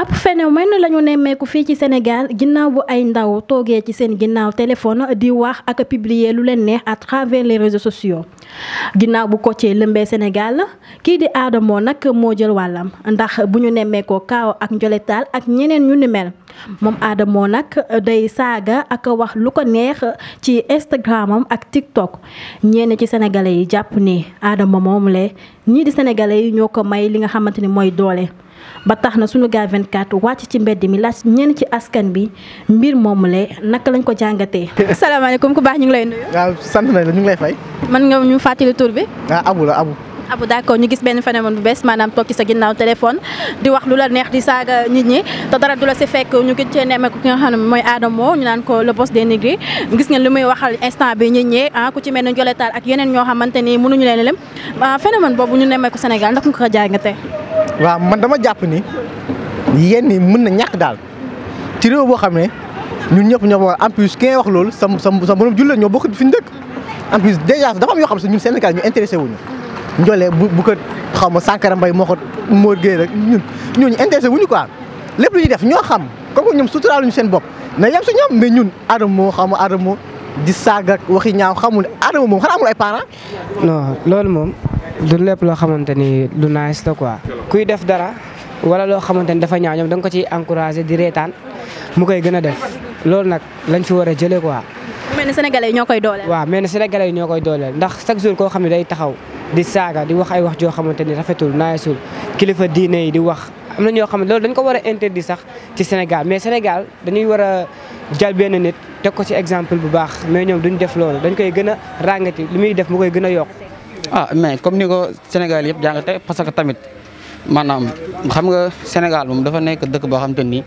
ab phénomène la ñu nemmeeku fii ci Sénégal ginnaaw bu ay ndaw toogee ci seen ginnaaw téléphone di wax ak publier lu leen neex à travers les réseaux sociaux ginnaaw bu ko Kocce lëmbee Sénégal kii di aadamoo nag moo jël wàllam ndax bu ñu nemmeekoo kaaw ak njoletaal ak ñeneen ñu ni mel moom aadamoo nag day saaga ak wax lu ko neex ci Instagramam ak TikTok ñenn ci sénégalais yi jàpp ni aadama moom le ñii di sénégalais yi ñoo ko may li nga xamante ni mooy doole. ba tax na suñu sunu gaal 24 wàcc ci mbedd mi laaj ñenn ci askan bi mbir moom moomule naka lañ ko jàngate jàngatee. asalaamaaleykum ku baax ñu ngi lay nuyu. waaw sant man nga ñu fàttali tur bi. ah abu la abu. abu d'accord ñu gis benn phénomène bu bees maanaam toog ci sa ginnaaw téléphone wax lu la neex di saaga nit ñi te dara du la si ñu gis xam ne mooy Adamo ñu naan ko le boss des gis ngeen li muy waxal instant bi nit ñi ah ku ci mel ne joletaal ak yeneen ñoo xamante ni mënuñu leen lem ah, phénomène boobu ñu nemmeeku Sénégal ndax nga ko jàngatee. waaw man dama jàpp ni yenn yi mën na ñàkk daal ci réew boo xam ne ñun ñëpp ñoo war en plus ki ngay wax loolu sa sa sa borom jullit ñoo bokk fi ñu dëkk en plus déjà dafa am yoo xam ne ñun Sénégal ñu intéressé wuñu njoolee bu bu ko xaw ma Sankara Mbaye moo ko moo géey rek ñun ñooñu intéressé wuñu quoi lépp lu def ñoo xam kooku ñoom suturaaluñu seen bopp na yem si ñoom mais ñun Adamo moo xam Adamo di saaga ak waxi ñaaw xamul ne Adama moom xanaa amul ay parents. non loolu moom du lépp loo xamante ni lu nice la quoi. kuy def dara wala loo xamante ni dafa ñaaw ñoom da nga ko ciy encouragé di reetaan mu koy gën a def loolu nag lañ fi war a jëlee quoi. mu mel ñoo koy dooleel. waaw mel ne sénégalais yi ñoo koy dooleel ndax chaque jour koo xam ne day taxaw di saaga di wax ay wax joo xamante ni rafetul naayasul kilifa diine yi di wax am na ñoo xam ne loolu dañ ko war a interdire sax ci Sénégal mais Sénégal jal benn nit teg ko ci exemple bu baax mais ñoom duñ def loolu dañ koy gën a ràngati li muy def mu koy gën a yokk ah mais comme ni ko Sénégal yëpp jàngate parce que tamit maanaam xam nga Sénégal dafa nekk dëkk boo xam te ni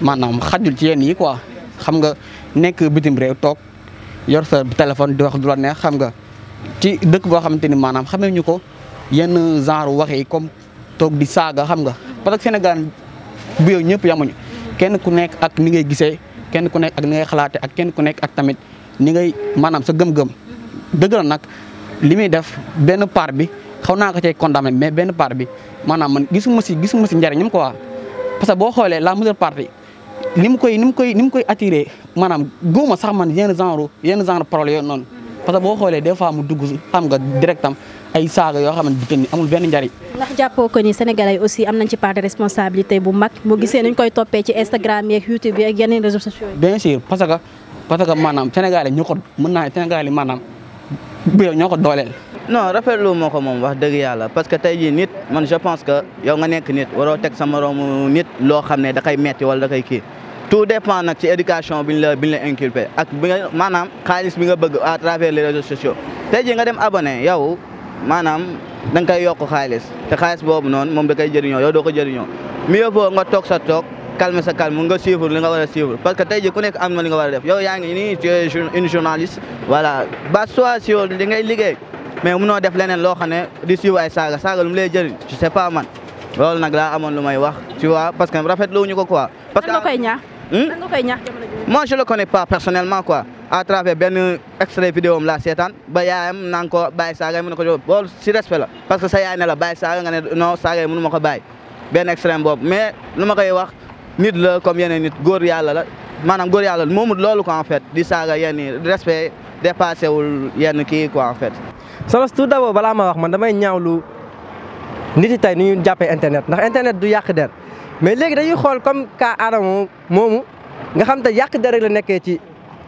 maanaam xajul ci yenn yi quoi xam nga nekk bitim réew toog yor sa téléphone di wax du la neex xam nga ci dëkk boo xamante ni maanaam xamee ñu ko yenn genre waxe yi comme toog di saaga xam nga parce que Sénégal bu yooyu ñëpp yamuñu kenn ku nekk ak ni ngay gisee kenn ku nekk ak ni ngay xalaate ak kenn ku nekk ak tamit ni ngay maanaam sa gëm-gëm dëgg la nag li muy def benn part bi xaw naa ko cay condamné mais benn part bi maanaam man gisuma si gisuma si njariñam quoi parce que boo xoolee la majeure partie ni mu koy ni mu koy ni mu koy attiré maanaam góoma sax man yenn genre yenn genre parole yooyu noonu parce que boo xoolee des fois mu dugg xam nga directam ay saaga yoo xamante ni amul benn njariñ ndax jàppoo ko ni sénégalais aussi am nañ ci part responsabilité bu mag boo gisee nañ koy toppee ci Instagram yeeg YouTube yeeg yeneen réseaux sociaux bien sûr parce que parce que maanaam sénégalais ñu ko mën naa sénégalais maanaam bu yow ñoo ko dooleel. non rafetlu moo ko moom wax dëgg yàlla parce que tey jii nit man je pense que yow nga nekk nit waroo teg sa moroomu nit loo xam ne da koy metti wala da koy kii. tout dépend nag ci éducation bi ñu bi ñu la ak maanaam xaalis bi nga bëgg à travers les réseaux sociaux maanaam da nga koy yokk xaalis te xaalis boobu noonu moom da koy jëriñoo yow doo ko jëriñoo mieux vaut nga toog sa toog calmer sa calme nga suivre li nga war a suivre parce que tey jii ku nekk am na li nga war a def yow yaa ngi nii une journaliste voilà ba soit sur liggéey mais munoo def leneen loo xam ne di suivre ay saaga saaga lu mu lay jëriñ pas man loolu nag laa amoon lu may wax tu vois parce que rafet rafetlu ñu ko quoi. parce que lan nga koy moi je le connais pas personnellement quoi à travers benn extrait vidéo am la seetaan ba yaayam naan ko bàyyi saaga mu ne ko loolu si la parce que sa yaay ne la bàyyi saaga nga ne non saaga yi mënu ma ko bàyyi benn extrait boobu mais lu ma koy wax nit la comme yeneen nit góor yàlla la maanaam góor yàlla moomut loolu quoi en fait di saaga yenn respect dépassé wul yenn kii quoi en fait. Zolos tout d'abord balaa ma wax man damay ñaawlu nit yi tey ni ñu jàppee internet ndax internet du yàq der mais nga xam te yàq der la nekkee ci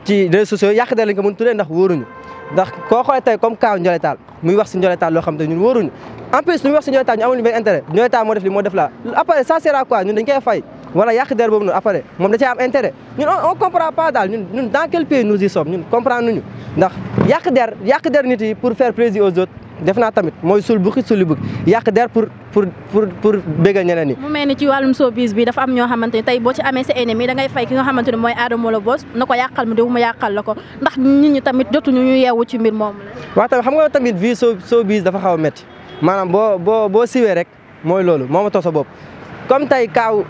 ci réseaux sociaux yàq der lañ ko mën tuddee ndax wóoruñu ndax koo xoolee tey comme kaaw Ndiolé Tall muy wax si Ndiolé Tall loo xam te ñun wóoruñu en plus lu muy wax si Ndiolé ñu amul benn intérêt Ndiolé Tall moo def li moo la après ça sert à ñun dañ koy fay wala yàq der boobu noonu après moom da cee am intérêt ñun on comprend pas daal ñun ñun quel pays nous y sommes ñun comprendre nuñu ndax yàq der yàq der nit yi pour faire plaisir aux autres def naa tamit mooy sul bukki sulu bukki yàq der pour pour pour pour bégal ñeneen ñi mu mel ci wàllum showbiz bi dafa am ñoo xamante ne tey boo ci amee sa ennemi da ngay fay ki nga xamante ne mooy Adamo la boos na ko yàqal mu diw mu yàqal la ko ndax nit ñi tamit jotuñu ñu yeewu ci mbir moom la waaw tamit xam nga tamit vie showbiz dafa xaw a métti maanaam boo boo siwee rek mooy loolu moomatoo sa bopp comme tey kaaw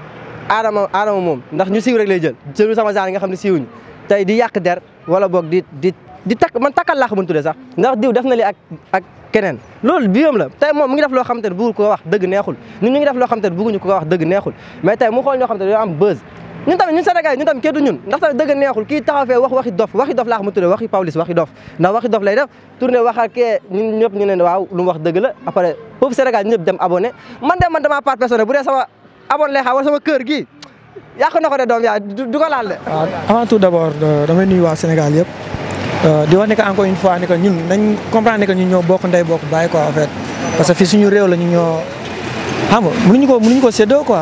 Adamo Adamo moom ndax ñu siiw rek lay jël jëlu sama genre yi nga xam ne siiwuñu tey di yàq der wala boog di di di takk man takkal laa ko mën sax ndax diw def na ak ak keneen loolu biam la tey moom mu ngi def loo xam te ne bëggul ko wax dëgg neexul ñun ñu ngi def loo xam te ne bëgguñu ko wax dëgg neexul mais tey mu xool ñoo xam te ne dañoo am buzz ñun tamit ñun Sénégal ñun ndax tamit dëgg neexul kii taxaw fee wax waxi dof waxi dof laa ko mën waxi Pawlish waxi dof ndax waxi dof lay def tourné waxal kee ñun waaw lu mu wax dëgg la après foofu Sénégal ñëpp dem abonné man de man damaa part personne sama abonné lay xaar na ko de doom yaa du laal de ah, avant tout d'abord euh, damay nuyu waa Sénégal yëpp Euh, di wax ne que encore une fois ne ko ñun nañ comprendre ne que ñun ñoo bokk ndey bokk bàyyi quoi en parce que fii suñu réew la ñoo xam nga mënuñu ko mënuñu ko séddoo ku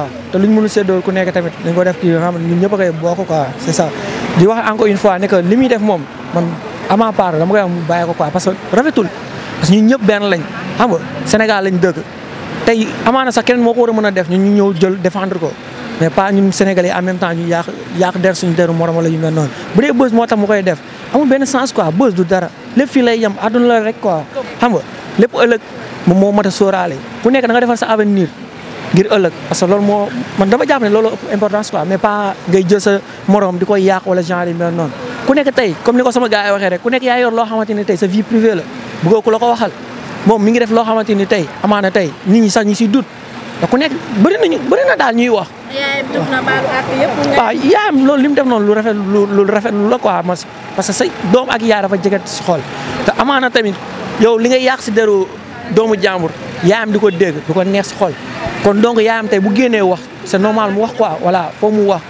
nekk tamit dañ ko def kii xam ñun ñëpp a fois ne que li muy def moom man ama part dama koy wax mu que rafetul parce que ñëpp benn lañ xam nga Sénégal lañ dëkk tey amaana sax keneen moo ko war a a def ñun ñu ñëw jël défendre ko mais pas ñun Sénégalais en même temps ñu yàq yàq der suñu deru morom ñu mel noonu bu dee bës moo tax mu koy def amul benn sens quoi bës du dara lépp fii lay yem àdduna la rek quoi xam nga lépp ëllëg moom moo mat a ku nekk da nga defal sa avenir ngir ëllëg parce que loolu moo man dama jàpp ne loolu ëpp importance quoi mais pas ngay jël sa morom di koy yàq wala genre yu noonu. ku nekk tey comme ni ko sama gars yi waxee rek ku nekk yaa loo xamante ni tey sa vie privée la bëggoo ku la ko waxal moom mi ngi def loo xamante ni tey amaana tey nit ñi sax ñu siy dut te ku bëri nañu daal ñuy wax. yaayam jox na ah, loolu li mu def noonu lu rafet lu lu rafet lu la parce que sa doom ak yaay dafa jege si xol te amaana tamit yow li nga yàq si deru doomu jàmbur yaayam di ko dégg du ko si xol kon donc yaayam tey bu génnee wax c'est normal mu wax quoi voilà foo mu wax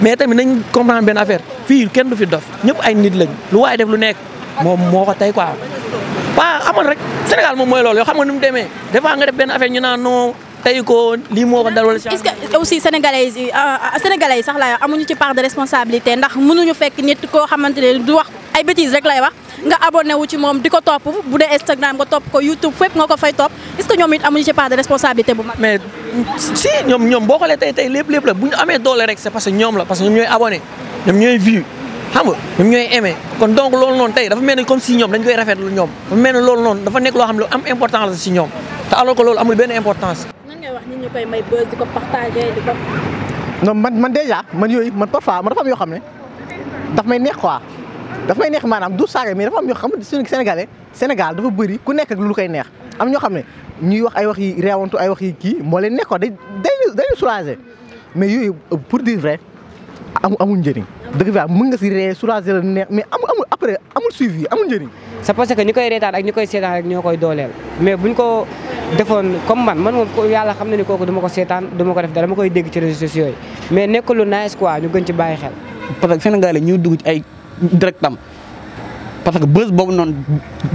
mais tamit nañ comprendre benn affaire fii kenn du fi dof ñëpp ay nit lañ lu waaye def lu nekk moom moo ko tey quoi. waaw amoon rek Sénégal moom mooy loolu yoo xam nga ni mu demee des fois nga def benn affaire ñu naan non. tey ko lii moo ko dal wala. est-ce que aussi sénégalais yi ah, ah, ah, sénégalais yi sax laay wax amuñu ci part de responsabilité ndax mënuñu fekk nit koo xamante ne du wax ay bêtises rek lay wax nga abonné wu ci moom di ko topp bu dee Instagram nga topp ko YouTube fépp nga ko fay topp est-ce ñoom it amuñu ci part de responsabilité bu mag. mais si ñoom boo xoolee tey tey lépp lépp la bu ñu amee doole rek c'est parce que ñoom la parce que ñoom ñooy abonné ñoom ñooy vue xam ñoom ñooy aimé loolu noonu tey dafa mel ni ñoom dañ koy rafetlu ñoom dafa mel ni loolu noonu dafa nekk loo xam ne lu am importance la si nit ñi man man déjà man yooyu man parfois man dafa am yoo xam ne daf may neex quoi daf may neex maanaam du saaga mais dafa am yoo xam ne suñu Sénégalais Sénégal dafa bëri ku lu koy neex am ñoo xam ne ñuy wax ay wax yi ay wax kii moo leen nekkoo quoi day day day soulager mais yooyu pour dire vrai amul amul njëriñ. dëgg fa mën nga si ree soulager la neex mais amul amul après amul suivi amul njëriñ. c'est parce que ñi koy reetaan ak ñu koy seetaan rek ñoo koy dooleel mais ñu ko defoon comme man man moom yàlla xam na ni kooku duma ko seetaan duma ko def dara dama koy dégg ci réseaux sociaux yi mais nekk lu nice quoi ñu gën ci bàyyi xel. parce que Sénégalais ñuy dugg ay directam parce que bés boobu noonu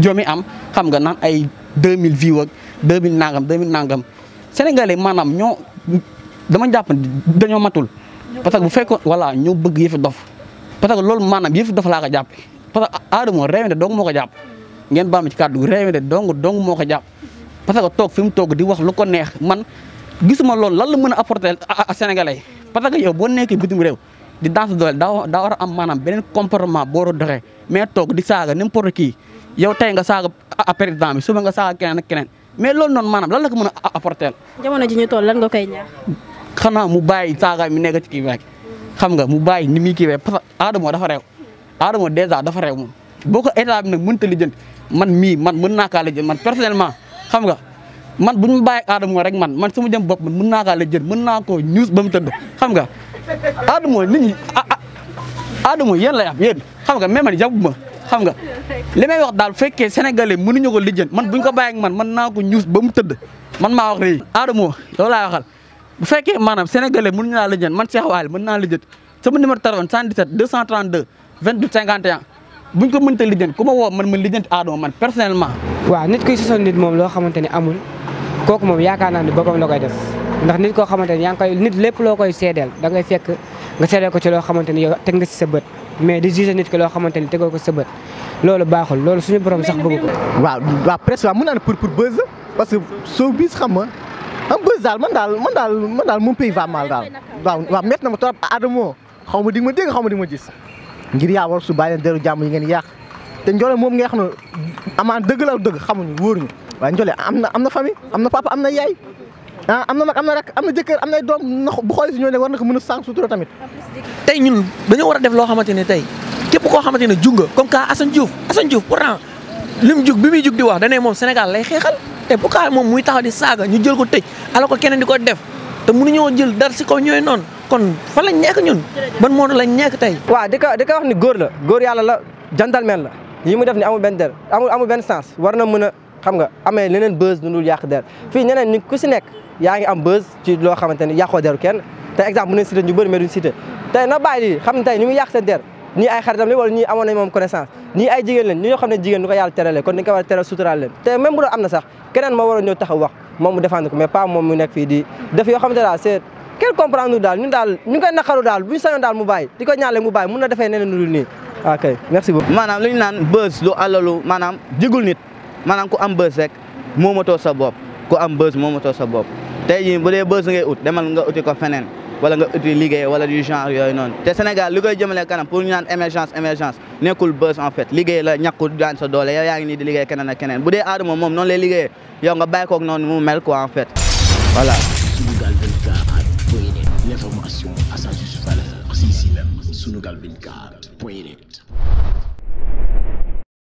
joomi am xam nga naan ay 2000 vues ak 2000 nangam 2000 nangam Sénégalais maanaam ñoo dama jàpp dañoo matul. parce que bu fekkoon voilà ñoo bëgg yëfi dof parce que loolu maanaam yëfi dof laa ko jàppee. parce que Adamo reewante dong moo ko jàpp ngeen baam ci kàddu reewante dong dong moo ko jàpp parce que toog fi mu toog di wax lu ko neex man gisuma loolu lan la mën a apporter Sénégalais parce que yow boo nekkee bitim réew di danse doole daa war a am maanaam beneen comportement boo war a mais toog di saaga n'importe kii yow tey nga saaga président bi suba nga saaga keneen ak keneen mais loolu noonu maanaam lan la ko mën a apporter. jamono ji ñu toll lan nga koy ñaax. xanaa mu bàyyi saaga mi nekk ci kii bi rek nga mu bàyyi ni muy kii bi parce que Adamo dafa Adama dèjà dafa réew moom boo ko état bi nag mënta lijjanti man mii man mën naa kaa lijjanti man personnellement xam nga man bu ñu bàyyi Adama rek man man su ma jëm bopp man mën naa kaa lijjanti mën naa koo ñuus ba mu tëdd xam nga Adama nit ñi Adama yéen lay am yéen nga mais man yàggu ma xam nga li may wax daal fekkee sénégalais mënuñu ko lijjanti man bu ñu ko bàyyi ak man naa ko ñuus ba mu tëdd man maa wax rek. Adama yow laay waxal bu fekkee maanaam sénégalais mënuñu laa lijjanti man Cheikh Waly mën naa lijjanti sama numéro téléphone 77 232 28 51 bu ñu ko mënta lijjanti ku ma woo man ma lijjanti Adama man personnellement. waaw nit kuy sosal nit moom loo xamante ni amul kooku moom yaakaar naa ne boppam la koy def ndax nit koo xamante ni yaa ngi koy nit lépp loo koy seedeel da ngay fekk nga seedeel ko ci loo xamante ni teg nga si sa bët mais di juger nit ki loo xamante ni tegoo ko sa bët loolu baaxul loolu suñu borom sax bëgg ko. waaw waaw presque waaw mën naa ne pour pour buzz parce que soo bis xam nga am buzz daal man daal man daal man daal mon pays va mal daal waaw waaw métti na ma trop Adamo xaw ma di ma dégg xaw ma di nga ma gis. ngir yaa war su bàyyi leen deru jàmm yi ngeen yàq te Ndiolé moom nga xam ne amaan dëgg la dëgg xamuñu wóoruñu waaye Ndiolé am na am na famille am na papa am na yaay ah am na mag am na rak am na jëkkër am na doom na bu xoolee si ñoo ne war na ka mën a sànq sutura tamit. tey ñun dañoo war a def loo xamante ne tey képp koo xamante ne jug nga comme que Assane Diouf pour Diouf pourtant lim jug bi muy jug di wax da moom Sénégal lay xeexal te bu kaa moom muy taxaw di saaga ñu jël ko tëj ala ko keneen di ko def te mënuñoo jël dar si kaw ñooy noonu kon fan la nekk ñun ban monde lañ nekk tey waaw di wax ni góor la góor yàlla la gentleman la yi mu def ni amul benn der amul benn sens war na mën a xam nga amee leneen buzz dundul yàq der fii ñeneen ni ku si nekk yaa ngi am buzz ci loo xamante ni yàqoo deru kenn te exemple bu ne cité ñu bëri mais duñ cité tey na bàyyi lii xam ne tey ñu ngi yàq seen der ñii ay xaritam la wala ñii amoon nañ moom connaissance ñii ay jigéen lañ ñi ñoo xam ne jigéen du ko yàlla a teral suturaal leen te am na sax kenn comprendre ñu ñu ngi koy naqaru daal bu mu bàyyi di ko ñaale mu bàyyi maanaam lu naan bës lu maanaam jigul nit maanaam ku am bës rek moomatoo sa bopp ku am bës moomatoo sa bopp tey jii bu dee bës ngay ut demal nga uti ko feneen wala nga uti liggéey wala du genre yooyu noonu te Sénégal li koy jëmale kanam pour ñu naan émergence émergence nekkul bës en fait la ñàkkul daan sa doole yow yaa ngi nii di liggéey keneen ak keneen bu dee aadama moom noonu lay liggéeyee yow nga bàyyi koog noonu mu mel en fait voilà Sénégal bi